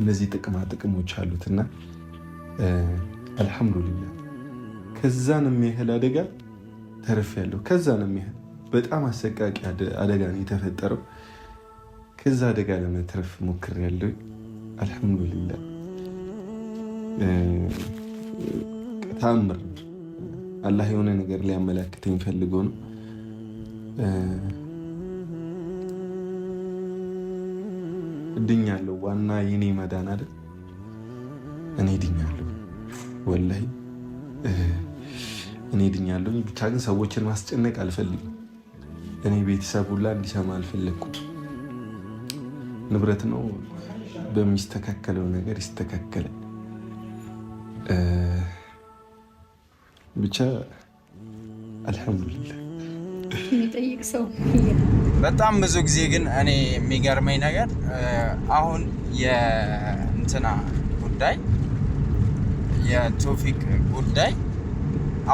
እነዚህ ጥቅማ ጥቅሞች አሉትና አልሐምዱሊላ ከዛን የሚያህል አደጋ ተርፍ ያለው ከዛን የሚያህል በጣም አሰቃቂ አደጋ ነው የተፈጠረው። ከዛ አደጋ ለመትረፍ ሞክር ያለው አልሐምዱሊላ ተአምር አላህ የሆነ ነገር ሊያመላክተኝ ፈልገው ነው። እድኛለሁ። ዋና የኔ መዳን አይደል? እኔ ድኛለሁ፣ ወላይ እኔ ድኛለሁ። ብቻ ግን ሰዎችን ማስጨነቅ አልፈልግም። እኔ ቤተሰብ ሁላ እንዲሰማ አልፈለግኩም። ንብረት ነው፣ በሚስተካከለው ነገር ይስተካከላል። ብቻ አልሐምዱሊላህ የሚጠይቅ ሰው በጣም ብዙ ጊዜ ግን እኔ የሚገርመኝ ነገር አሁን የእንትና ጉዳይ የቶፊቅ ጉዳይ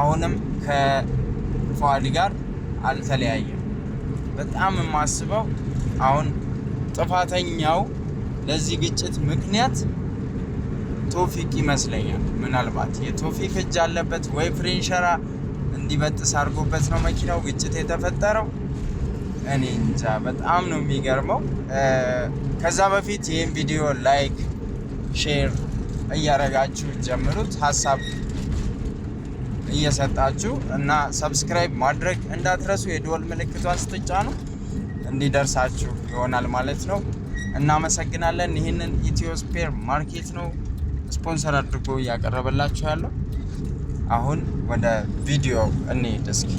አሁንም ከፈዋድ ጋር አልተለያየም። በጣም የማስበው አሁን ጥፋተኛው ለዚህ ግጭት ምክንያት ቶፊቅ ይመስለኛል። ምናልባት የቶፊቅ እጅ አለበት ወይ ፍሬንሸራ እንዲበጥስ አድርጎበት ነው መኪናው ግጭት የተፈጠረው። እኔ እንጃ በጣም ነው የሚገርመው። ከዛ በፊት ይህን ቪዲዮ ላይክ፣ ሼር እያረጋችሁ ጀምሩት ሀሳብ እየሰጣችሁ እና ሰብስክራይብ ማድረግ እንዳትረሱ። የደወል ምልክቷን ስትጫኑ እንዲደርሳችሁ ይሆናል ማለት ነው። እናመሰግናለን። ይህንን ኢትዮስፔር ማርኬት ነው ስፖንሰር አድርጎ እያቀረበላችሁ ያለው። አሁን ወደ ቪዲዮ እንሄድ እስኪ።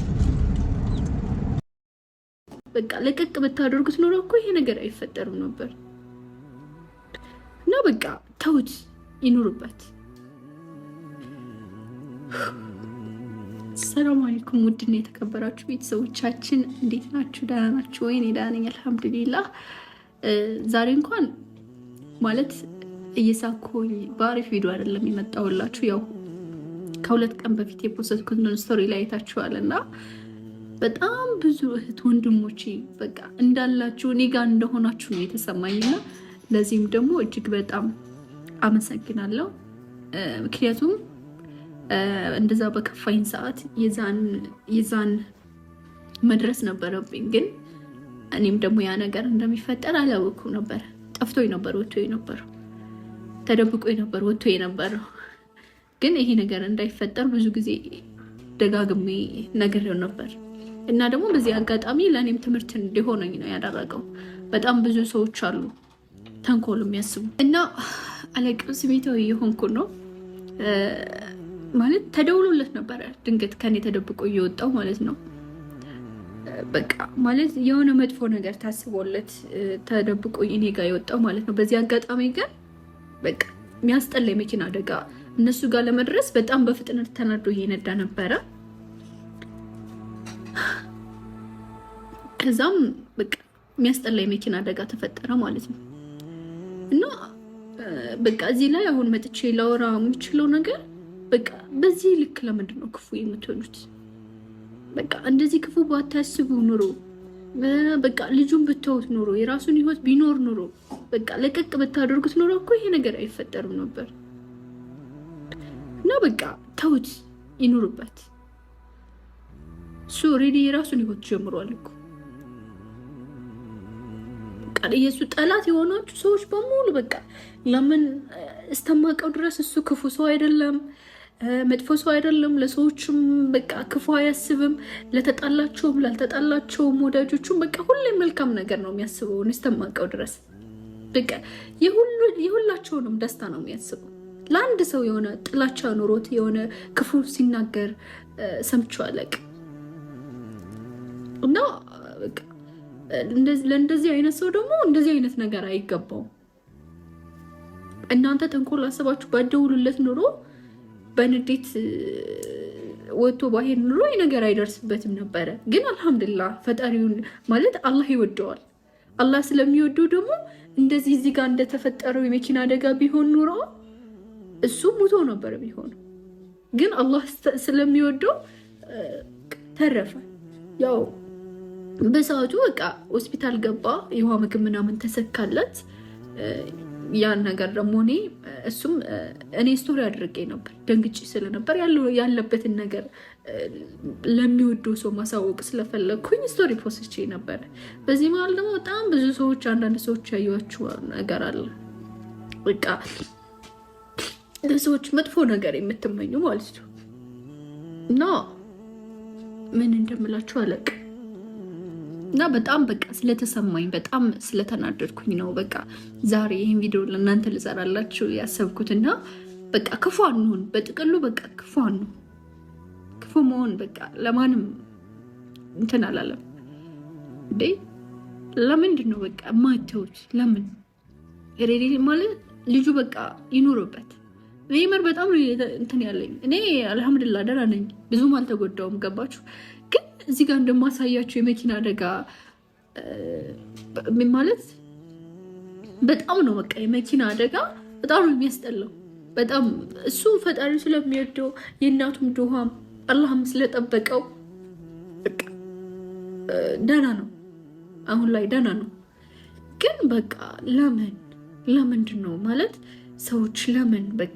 በቃ ለቀቅ ብታደርጉት ኖሮ እኮ ይሄ ነገር አይፈጠርም ነበር። እና በቃ ተውት፣ ይኑርበት። ሰላም አለይኩም ውድና የተከበራችሁ ቤተሰቦቻችን እንዴት ናችሁ? ደህና ናችሁ ወይ? እኔ ደህና ነኝ አልሐምዱሊላህ። ዛሬ እንኳን ማለት እየሳኩኝ በአሪፍ ቪዲዮ አይደለም የመጣሁላችሁ ያው ከሁለት ቀን በፊት የፖስትኩትን ስቶሪ ላይ አይታችኋል እና በጣም ብዙ እህት ወንድሞቼ በቃ እንዳላችሁ እኔ ጋር እንደሆናችሁ ነው የተሰማኝና ለዚህም ደግሞ እጅግ በጣም አመሰግናለሁ። ምክንያቱም እንደዛ በከፋኝ ሰዓት የዛን መድረስ ነበረብኝ፣ ግን እኔም ደግሞ ያ ነገር እንደሚፈጠር አላወኩም ነበር። ጠፍቶ ነበር፣ ወጥቶ ነበር፣ ተደብቆ ነበር፣ ወጥቶ ነበረው ግን ይሄ ነገር እንዳይፈጠር ብዙ ጊዜ ደጋግሜ ነግሬው ነበር እና ደግሞ በዚህ አጋጣሚ ለእኔም ትምህርት እንዲሆነኝ ነው ያደረገው። በጣም ብዙ ሰዎች አሉ ተንኮል የሚያስቡ እና አለቅም ስሜታዊ የሆንኩ ነው ማለት ተደውሎለት ነበረ። ድንገት ከኔ ተደብቆ እየወጣው ማለት ነው። በቃ ማለት የሆነ መጥፎ ነገር ታስቦለት ተደብቆ እኔ ጋር የወጣው ማለት ነው። በዚህ አጋጣሚ ግን በቃ የሚያስጠላ የመኪና አደጋ እነሱ ጋር ለመድረስ በጣም በፍጥነት ተናዶ እየነዳ ነበረ። ከዛም በቃ የሚያስጠላ የመኪና አደጋ ተፈጠረ ማለት ነው። እና በቃ እዚህ ላይ አሁን መጥቼ ላወራ የምችለው ነገር በቃ በዚህ ልክ ለምንድን ነው ክፉ የምትሆኑት? በቃ እንደዚህ ክፉ ባታስቡ ኑሮ በቃ ልጁን ብታዩት ኑሮ የራሱን ህይወት ቢኖር ኑሮ በቃ ለቀቅ ብታደርጉት ኑሮ እኮ ይሄ ነገር አይፈጠርም ነበር። እና በቃ ተውት፣ ይኑሩበት። እሱ ኦልሬዲ የራሱን ህይወት ጀምሯል እኮ የእሱ ጠላት የሆናችሁ ሰዎች በሙሉ በቃ ለምን እስተማቀው ድረስ እሱ ክፉ ሰው አይደለም፣ መጥፎ ሰው አይደለም። ለሰዎችም በቃ ክፉ አያስብም። ለተጣላቸውም ላልተጣላቸውም ወዳጆቹም በቃ ሁሌም መልካም ነገር ነው የሚያስበውን እስተማቀው ድረስ በቃ የሁላቸውንም ደስታ ነው የሚያስበው። ለአንድ ሰው የሆነ ጥላቻ ኖሮት የሆነ ክፉ ሲናገር ሰምቼ አላውቅም። እና ለእንደዚህ አይነት ሰው ደግሞ እንደዚህ አይነት ነገር አይገባውም። እናንተ ተንኮል አስባችሁ ባደውሉለት ኖሮ በንዴት ወጥቶ ባሄድ ኑሮ ነገር አይደርስበትም ነበረ። ግን አልሐምዱሊላህ ፈጣሪውን ማለት አላህ ይወደዋል። አላህ ስለሚወደው ደግሞ እንደዚህ እዚህ ጋር እንደተፈጠረው የመኪና አደጋ ቢሆን ኑሮ እሱ ሙቶ ነበር ቢሆነው፣ ግን አላህ ስለሚወደው ተረፈ። ያው በሰዓቱ በቃ ሆስፒታል ገባ፣ የውሃ ምግብ ምናምን ተሰካለት። ያን ነገር ደግሞ እኔ እሱም እኔ ስቶሪ አድርጌ ነበር ደንግጬ ስለነበር ያለበትን ነገር ለሚወደው ሰው ማሳወቅ ስለፈለግኩኝ ስቶሪ ፖስቼ ነበረ። በዚህ መሀል ደግሞ በጣም ብዙ ሰዎች አንዳንድ ሰዎች ያዩቸው ነገር አለ በቃ ለሰዎች መጥፎ ነገር የምትመኙ ማለት ነው እና ምን እንደምላችሁ አለቅ እና በጣም በቃ ስለተሰማኝ በጣም ስለተናደድኩኝ ነው በቃ ዛሬ ይህን ቪዲዮ ለእናንተ ልሰራላችሁ ያሰብኩት እና በቃ ክፉ አንሆን፣ በጥቅሉ በቃ ክፉ አንሆን። ክፉ መሆን በቃ ለማንም እንትን አላለም እንዴ። ለምንድን ነው በቃ ማተውት? ለምን ሬዴ ማለት ልጁ በቃ ይኖርበት ኔይመር በጣም እንትን ያለኝ እኔ አልሐምድላ ደህና ነኝ፣ ብዙም አልተጎዳውም። ገባችሁ? ግን እዚህ ጋር እንደማሳያችሁ የመኪና አደጋ ማለት በጣም ነው በቃ የመኪና አደጋ በጣም ነው የሚያስጠላው። በጣም እሱ ፈጣሪ ስለሚወደው የእናቱም ድሃም አላህም ስለጠበቀው ደህና ነው። አሁን ላይ ደህና ነው። ግን በቃ ለምን ለምንድን ነው ማለት ሰዎች ለምን በቃ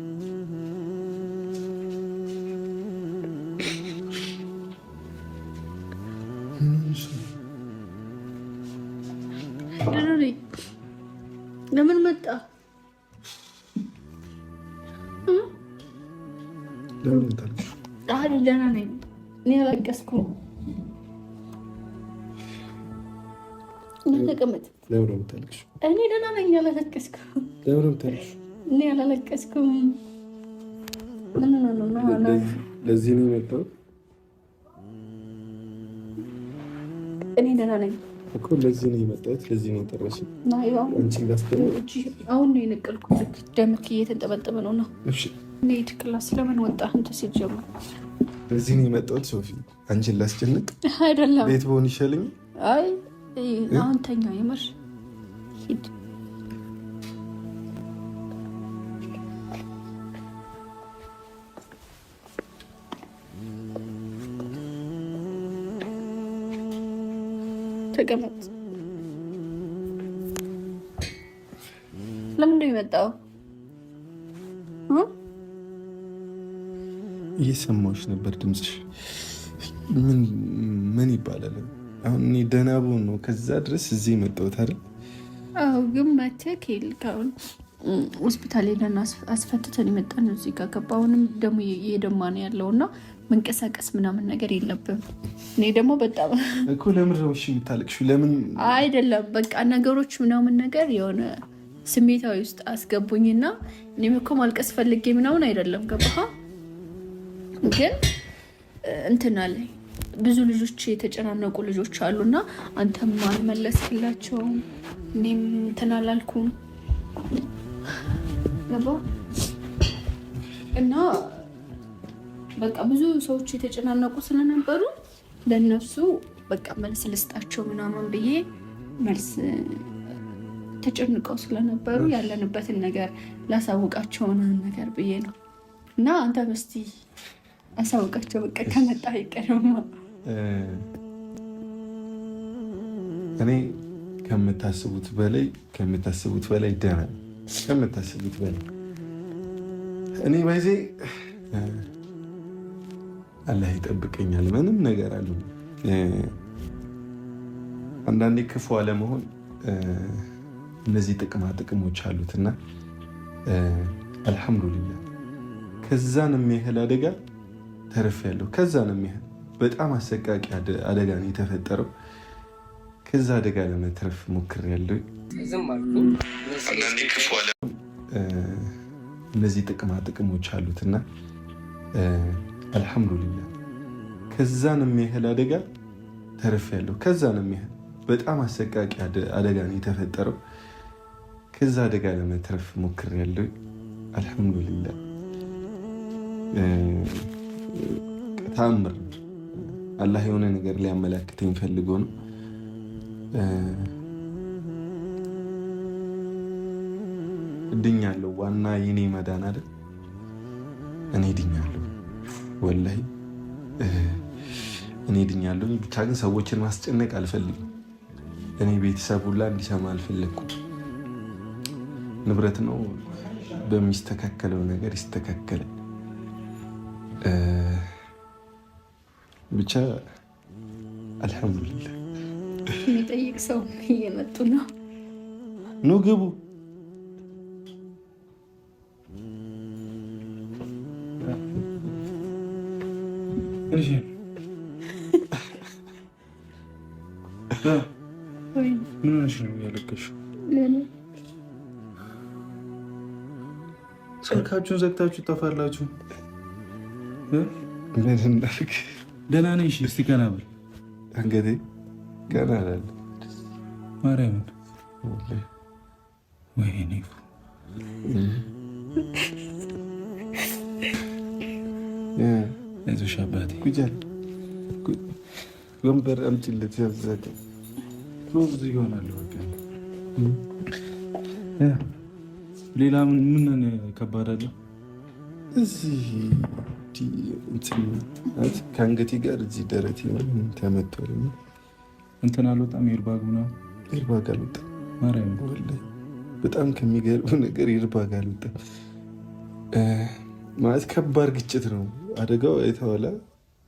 ለምን ነው የምታለቅሽው? እኔ ደህና ነኝ ያላለቀስኩት። ለምን ነው የምታለቅሽው? እኔ ያላለቀስኩም። ምን ነው ነው ለዚህ ነው የመጣሁት። እኔ ደህና ነኝ እኮ ለዚህ ነው የመጣሁት። ለዚህ ነው የጠራሽኝ። አሁን ነው የነቀልኩት። ደምክ እየተንጠበጠበ ነው ነው እኔ ትክላስ ለምን ወጣ አንተ ሲጀምር ለዚህ ነው የመጣሁት። ሶፊ አንቺን ላስጨንቅ አይደለም። ቤት በሆን ይሻለኝ። አይ አሁን ተኛ የምር ሂድ። ተቀመጥ። ለምንድን ነው የመጣው? እየሰማሁሽ ነበር ድምፅሽ። ምን ምን ይባላል አሁን? እኔ ደህና ብሆን ነው ከዛ ድረስ እዚህ የመጣሁት አይደል? አዎ ግን መቼ ከልካውን ሆስፒታል ሄደን አስፈትተን ነው። እዚህ ጋር ገባ። አሁንም ደግሞ እየደማ ነው ያለው እና መንቀሳቀስ ምናምን ነገር የለብም። እኔ ደግሞ በጣም እኮ ለምን ነው እሺ የምታለቅሺው? ለምን አይደለም በቃ ነገሮች ምናምን ነገር የሆነ ስሜታዊ ውስጥ አስገቡኝና እኔም እኮ ማልቀስ ፈልጌ ምናምን አይደለም ገባ ግን እንትን አለኝ ብዙ ልጆች የተጨናነቁ ልጆች አሉ እና አንተም አልመለስክላቸውም፣ እኔም እንትን አላልኩም እና በቃ ብዙ ሰዎች የተጨናነቁ ስለነበሩ ለእነሱ በቃ መልስ ልስጣቸው ምናምን ብዬ መልስ ተጨንቀው ስለነበሩ ያለንበትን ነገር ላሳውቃቸው ነገር ብዬ ነው እና አንተ በስቲ አሳውቃቸው በቃ ከመጣ አይቀርማ እኔ ከምታስቡት በላይ ከምታስቡት በላይ ደህና ከምታስቡት በላይ እኔ ባይዜ አላህ ይጠብቀኛል። ምንም ነገር አለ አንዳንዴ ክፉ አለመሆን እነዚህ ጥቅማ ጥቅሞች አሉትና አልሐምዱሊላህ ከዛን የሚያህል አደጋ ተርፌያለሁ። ከዛን የሚያህል በጣም አሰቃቂ አደጋ ነው የተፈጠረው። ከዛ አደጋ ለመትረፍ ሞክር ያለው እነዚህ ጥቅማ ጥቅሞች አሉትና አልሐምዱሊላ ከዛን የሚያህል አደጋ ተረፍ ያለው ከዛን የሚያህል በጣም አሰቃቂ አደጋ ነው የተፈጠረው። ከዛ አደጋ ለመትረፍ ሞክር ያለው አልሐምዱሊላ ተአምር አላህ የሆነ ነገር ሊያመላክተኝ ፈልጎ ነው። እድኛለሁ። ዋና የኔ መዳን አይደል? እኔ ድኛለሁ፣ ወላሂ እኔ ድኛለሁ። ብቻ ግን ሰዎችን ማስጨነቅ አልፈልግም። እኔ ቤተሰብ ሁላ እንዲሰማ አልፈለግኩም። ንብረት ነው፣ በሚስተካከለው ነገር ይስተካከላል። بچا الحمد لله نتأيك سوى هي نتونا نو قبو ስልካችሁን ዘግታችሁ ጠፋላችሁ ምን እናድርግ ደህና ነኝ። እሺ እስቲ ቀና በል አንገቴ። ቀና አላለ ማርያምን። ወይኔ አይዞሽ አባቴ። ወንበር አምጪለት ያዘዘ ነው ብዙ ይሆናል። በቃ ሌላ ምን ከባድ አለ እዚህ ከአንገቴ ጋር እዚህ ደረቴ ተመቷል። እንትን አልወጣም፣ ኤርባግ ምናምን ኤርባግ አልወጣም። በጣም ከሚገርም ነገር ኤርባግ አልወጣም። ማለት ከባድ ግጭት ነው አደጋው። የተዋላ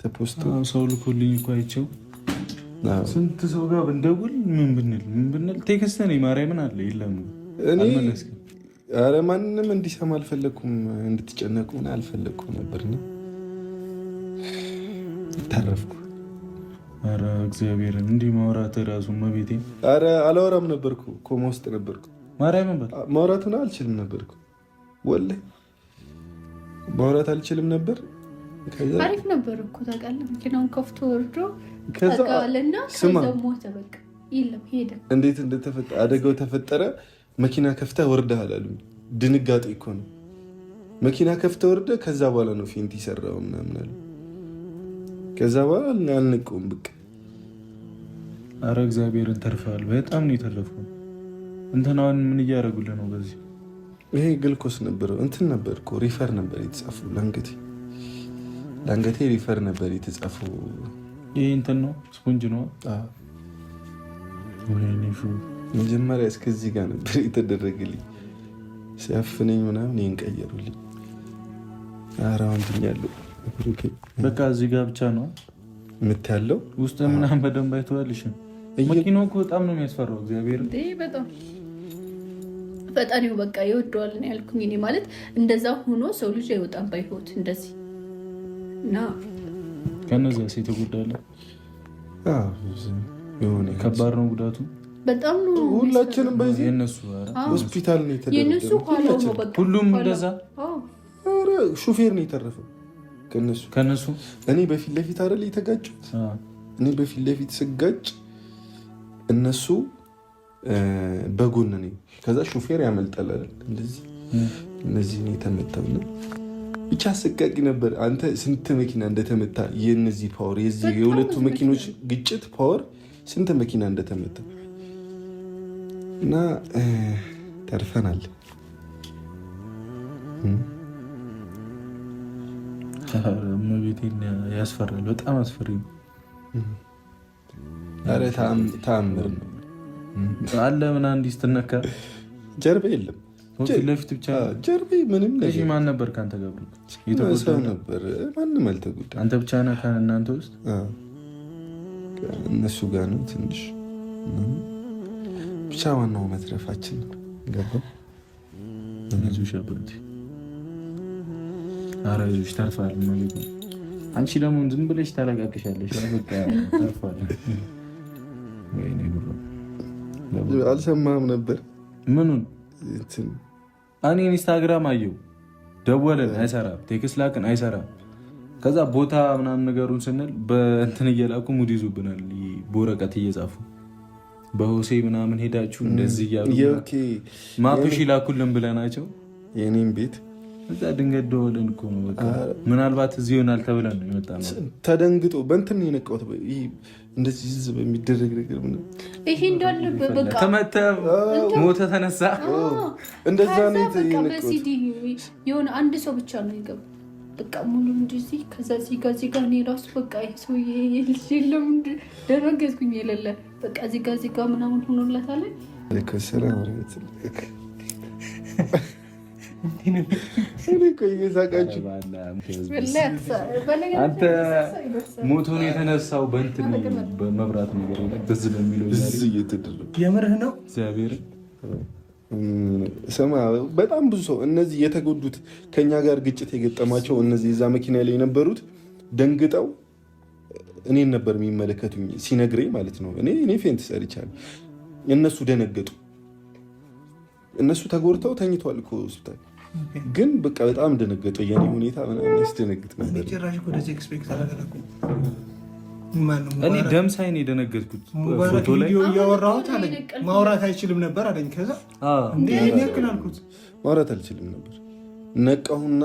ተፖስቶ ሰው ልኮልኝ እኮ አይቼው ስንት ሰው ጋር ብንደውል ምን ብንል ምን ብንል ቴክስት ነኝ ማርያምን አለ የለም እኔ ኧረ ማንንም እንዲሰማ አልፈለግኩም፣ እንድትጨነቁ አልፈለግኩም ነበርና ተረፍኩ። ኧረ እግዚአብሔርን እንዲህ ማውራት ራሱ መቤቴ። ኧረ አላወራም ነበርኩ፣ ኮማ ውስጥ ነበርኩ። ማርያምን በል ማውራቱን አልችልም ነበርኩ፣ ወለ ማውራት አልችልም ነበር። አሪፍ ነበር እኮ ታውቃለህ። መኪናውን ከፍቶ ወርዶ ተጋዋለና ከዛ ሞተ። በቃ የለም ሄደ። እንዴት እንደተፈጠረ አደጋው ተፈጠረ። መኪና ከፍታ ወርደሃል አሉኝ። ድንጋጤ እኮ ነው። መኪና ከፍተ ወርደ ከዛ በኋላ ነው ፌንት ይሰራው ምናምን አሉ። ከዛ በኋላ አልነቀውም። በቃ አረ እግዚአብሔርን እንተርፈዋል። በጣም ነው የተረፍኩት። እንትናውን ምን እያደረጉልህ ነው? በዚህ ይሄ ግልኮስ ነበር እንትን ነበር እኮ ሪፈር ነበር የተጻፈው ለአንገቴ ለአንገቴ ሪፈር ነበር የተጻፈው። ይሄ እንትን ነው ስፖንጅ ነው። መጀመሪያ እስከዚህ ጋር ነበር የተደረገልኝ። ሲያፍነኝ ምናምን ይህን ቀየሩልኝ። አረ በቃ እዚህ ጋር ብቻ ነው የምታያለው። ውስጥ ምናምን በደንብ አይተዋልሽም። መኪናው እኮ በጣም ነው የሚያስፈራው። እግዚአብሔር በጣም ፈጣሪው በቃ ይወደዋል ነው ያልኩኝ እኔ ማለት እንደዛ ሆኖ ሰው ልጅ አይወጣም ባይሆት እንደዚህ እና ከነዚያ ሴት ጉዳለ የሆነ ከባድ ነው ጉዳቱ በጣም ነው። ሁላችንም በዚህ የነሱ ሆስፒታል ነው የተደረገ። ሁሉም እንደዛ ሹፌር ነው የተረፈው ከነሱ እኔ በፊት ለፊት አይደል የተጋጩት? እኔ በፊት ለፊት ስጋጭ እነሱ በጎን ነኝ። ከዛ ሹፌር ያመልጣል አይደል እንደዚህ እነዚህ ነው የተመታው። ብቻ አሰቃቂ ነበር። አንተ ስንት መኪና እንደተመታ የነዚህ ፓወር የዚህ የሁለቱ መኪኖች ግጭት ፓወር ስንት መኪና እንደተመታ እና ተርፈናል። እመቤቴን ያስፈራል። በጣም አስፈሪ ነው። ተአምር ነው አለ ምን አንድ ስትነካ ጀርቤ የለም ለፊት ብቻ ምንም ነገር ማን ነበር ከአንተ ገብሩ ሰው ነበር። ማንም አልተጎዳም። አንተ ብቻ ነህ ከእናንተ ውስጥ እነሱ ጋር ነው ትንሽ ብቻ ዋናው መትረፋችን ገባ ኧረ ልጆች ተርፋል። አንቺ ደግሞ ዝም ብለሽ ታለቃቅሻለሽ። አልሰማም ነበር ምኑን? እኔ ኢንስታግራም አየው ደወለን አይሰራም፣ ቴክስ ላክን አይሰራም። ከዛ ቦታ ምናምን ነገሩን ስንል በእንትን እየላኩ ሙድ ይዙብናል፣ በወረቀት እየጻፉ በሆሴ ምናምን ሄዳችሁ እንደዚህ እያሉ ማፕሽ ይላኩልን ብለናቸው የኔም ቤት እዛ ድንገት ደወለን እኮ ነው። ምናልባት እዚህ ይሆናል ተብለን ነው የመጣ ተደንግጦ በእንትን የነቃሁት እንደዚህ ዝም በሚደረግ ነገር ይሄ እንዳለ ተመተ ሞተ ተነሳ እንደዛ ነው። የሆነ አንድ ሰው ብቻ ነው የገባ በቃ ሙሉ እንደዚህ ከዛ እዚህ ጋ እዚህ ጋ እኔ ራሱ በቃ ይሄ ሰውዬ የለም ደረገዝኩኝ የሌለ በቃ እዚህ ጋ እዚህ ጋ ምናምን ሆኖላታለን ከስራ አንተ ሞቶን የተነሳው በእንትን በመብራት ነገር በሚለው የምርህ ነው። እግዚአብሔር ስማ፣ በጣም ብዙ ሰው እነዚህ የተጎዱት ከኛ ጋር ግጭት የገጠማቸው እነዚህ እዛ መኪና ላይ የነበሩት ደንግጠው እኔን ነበር የሚመለከቱኝ ሲነግረኝ ማለት ነው። እኔ እኔ ፌንት ሰርቻለሁ። እነሱ ደነገጡ። እነሱ ተጎድተው ተኝተዋል እኮ ሆስፒታል ግን በቃ በጣም ደነገጠ። የኔ ሁኔታ ምናምን ያስደነግጥ እኔ ደም ሳይን የደነገጥኩት ፎቶ ላይ እያወራሁት አለኝ። ማውራት አይችልም ነበር አለኝ። ከዛ ያክል አልኩት፣ ማውራት አልችልም ነበር። ነቃሁና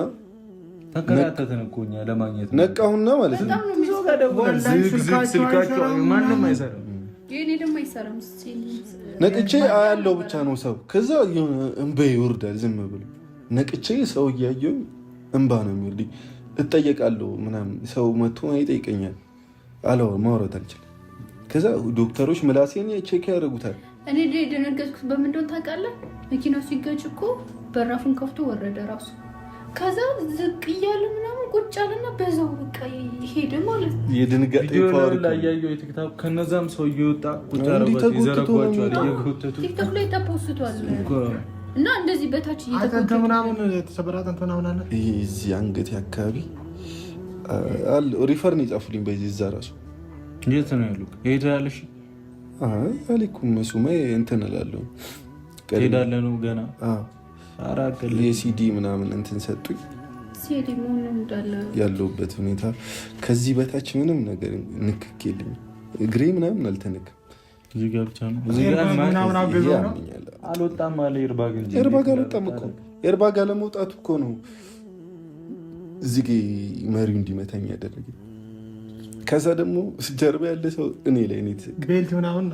ተከራተተን እኮ እኛ ለማግኘት ነቃሁና ማለት ነው። ዝግዝግ ስልካቸው ነቅቼ አያለው ብቻ ነው ሰው። ከዛ እንበ ይወርዳል ዝም ብሎ ነቅቼ ሰው እያየሁኝ እንባ ነው የሚወልኝ። እጠየቃለሁ ምናምን ሰው መቶ ይጠይቀኛል። አላወራ ማውረት አልችልም። ከዛ ዶክተሮች ምላሴን ቼክ ያደርጉታል። እኔ የደነገጥኩት በምን እንደሆነ ታውቃለህ? መኪናው ሲጋጭ እኮ በራፉን ከፍቶ ወረደ ራሱ። ከዛ ዝቅ እያለ ምናምን ቁጭ አለና በዛው በቃ ሄደ ማለት ነው። የድንጋጤ ፓወር ከነዛም ሰው እየወጣ ቁጭ አረጓቸው ይዘረጓቸዋል። ቲክቶክ ላይ ተፖስቷል። እና እንደዚህ በታች አጥንት ምናምን የተሰበረ አጥንት ምናምን አለ። ይሄ እዚህ አንገቴ አካባቢ ሪፈር ነው የጻፉልኝ። በዚህ እዛ ራሱ የት ነው ያሉ ሄዳለሽ? አሊኩም ሱማ እንትን እላለሁ ሄዳለ ነው ገና የሲዲ ምናምን እንትን ሰጡኝ ያለሁበት ሁኔታ ከዚህ በታች ምንም ነገር ንክክ የለኝም። እግሬ ምናምን አልተነካም። እዚህ ጋር ብቻ ነው። እዚህ ጋር አልወጣም አለ ኤርባግ እንጂ ኤርባግ አልወጣም እኮ ኤርባግ አለመውጣቱ እኮ ነው እዚህ መሪው እንዲመታኝ ያደረገ። ከዛ ደግሞ ጀርባ ያለ ሰው እኔ ላይ እኔ ቤልት ምናምን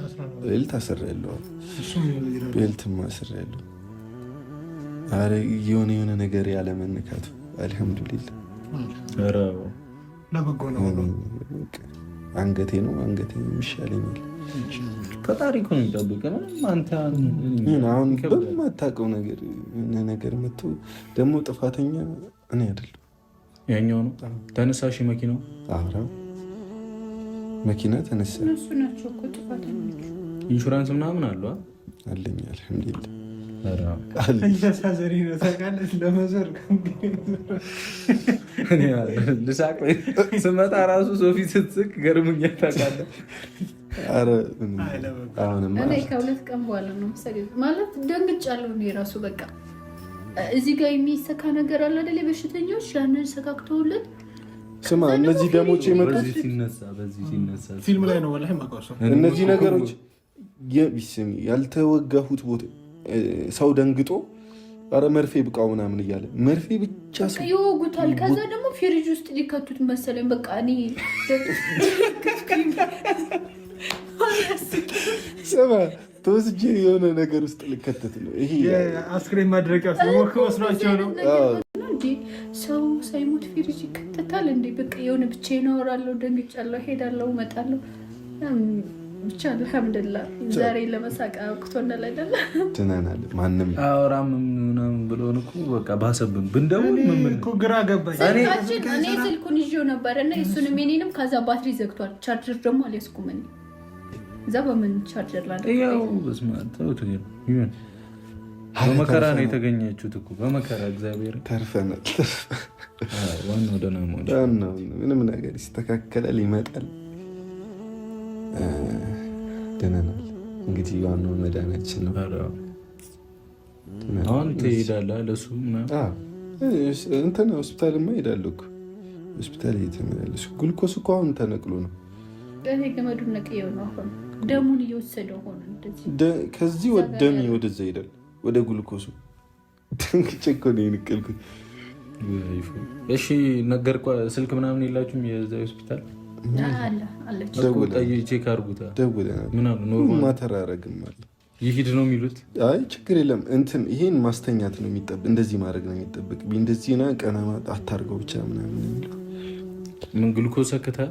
ቤልት አረ የሆነ የሆነ ነገር ያለመነካቱ አልሐምዱሊላህ ነው። አንገቴ ነው አንገቴ ፈጣሪ እኮ ነው የሚጠብቀህ። አሁን በማታውቀው ነገር ነገር መቶ ደግሞ ጥፋተኛ እኔ አይደለም ያኛው ነው ተነሳሽ መኪናው አብራ መኪና ተነሳ። ኢንሹራንስ ምናምን አለ አለኝ አልሐምዱሊላህ ልሳቅ ስመጣ ራሱ ሶፊ ስትስቅ ገርሙኛ ታውቃለህ እኔ ከሁለት ቀን በኋላ ነው ማለት ደንግጫለሁ። እኔ በቃ እዚህ ጋር የሚሰካ ነገር አለ አይደል? በሽተኞች ያንን ስማ፣ እነዚህ ደሞች የመጡት ፊልም ላይ ነው። እነዚህ ነገሮች ያልተወጋሁት ቦታ ሰው ደንግጦ ኧረ መርፌ ብቃው ምናምን እያለ መርፌ ብቻ ይወጉታል። ከዛ ደግሞ ፊሪጅ ውስጥ ሊከቱት መሰለኝ በቃ እኔ ስማ ተወስጄ የሆነ ነገር ውስጥ ልከተት ነው። ይሄ አስክሬን ማድረቂያ ወስዷቸው ነው። ሰው ሳይሞት ፊሪጅ ይከተታል እንዴ? በቃ የሆነ ብቻ ይኖራለሁ፣ ደንግጫለሁ፣ ሄዳለሁ፣ እመጣለሁ። ብቻ አልሐምድሊላህ ዛሬ ለመሳቅ አብቅቶናል አይደለ? ትናናል ማንም አወራም ምናምን ብሎን እኮ በቃ ባሰብን ብንደውል እኮ ግራ ገባኝ። እኔ ስልኩን ይዤው ነበር እና የሱንም የኔንም ከዛ ባትሪ ዘግቷል። ቻርጀር ደግሞ አልያዝኩም እኔ እዛ በምን ቻርጀር በመከራ ነው የተገኘችሁት እኮ በመከራ እግዚአብሔር ተርፈናል። ዋናው ደህና መሆን ምንም ነገር ይስተካከላል፣ ይመጣል። ደህና እንግዲህ ዋናው መዳናችን ነው። አሁን ትሄዳለህ ለሱ እንትን ሆስፒታልማ እሄዳለሁ እኮ ሆስፒታል እየተመላለስኩ ግሉኮስ እኮ አሁን ተነቅሎ ነው ገመዱን ነቅየው ነው አሁን ደሙን እየወሰደ ሆነ። ከዚህ ደም ወደዛ ሄዳል፣ ወደ ጉልኮሱ ቸኮ ነው እሺ ነገር ስልክ ምናምን የላችሁም? የዛ ሆስፒታል ቼክ ማተራረግም አለ ይሂድ ነው የሚሉት። አይ ችግር የለም እንትን ይሄን ማስተኛት ነው የሚጠብቅ፣ እንደዚህ ማድረግ ነው የሚጠብቅ። እንደዚህ ና ቀና አታርገው ብቻ ምናምን የሚሉ ምን ግሉኮስ ሰክተህ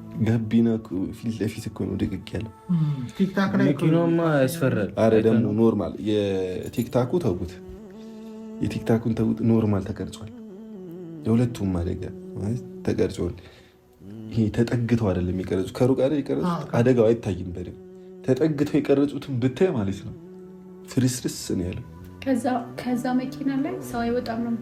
ጋቢና ፊት ለፊት እኮ ነው ድቅቅ ያለው። መኪናማ ያስፈራል። አረ ደግሞ ኖርማል የቲክታኩ ተውት፣ የቲክታኩን ተውት። ኖርማል ተቀርጿል። የሁለቱም አደጋ ተቀርጿል። ይሄ ተጠግተው አይደለም የቀረጹት፣ ከሩቅ አይደል የቀረጹት። አደጋው አይታይም በደምብ ተጠግተው የቀረጹትን ብታይ ማለት ነው ፍርስርስ ነው ያለው። ከዛ መኪና ላይ ሰው አይወጣም ነው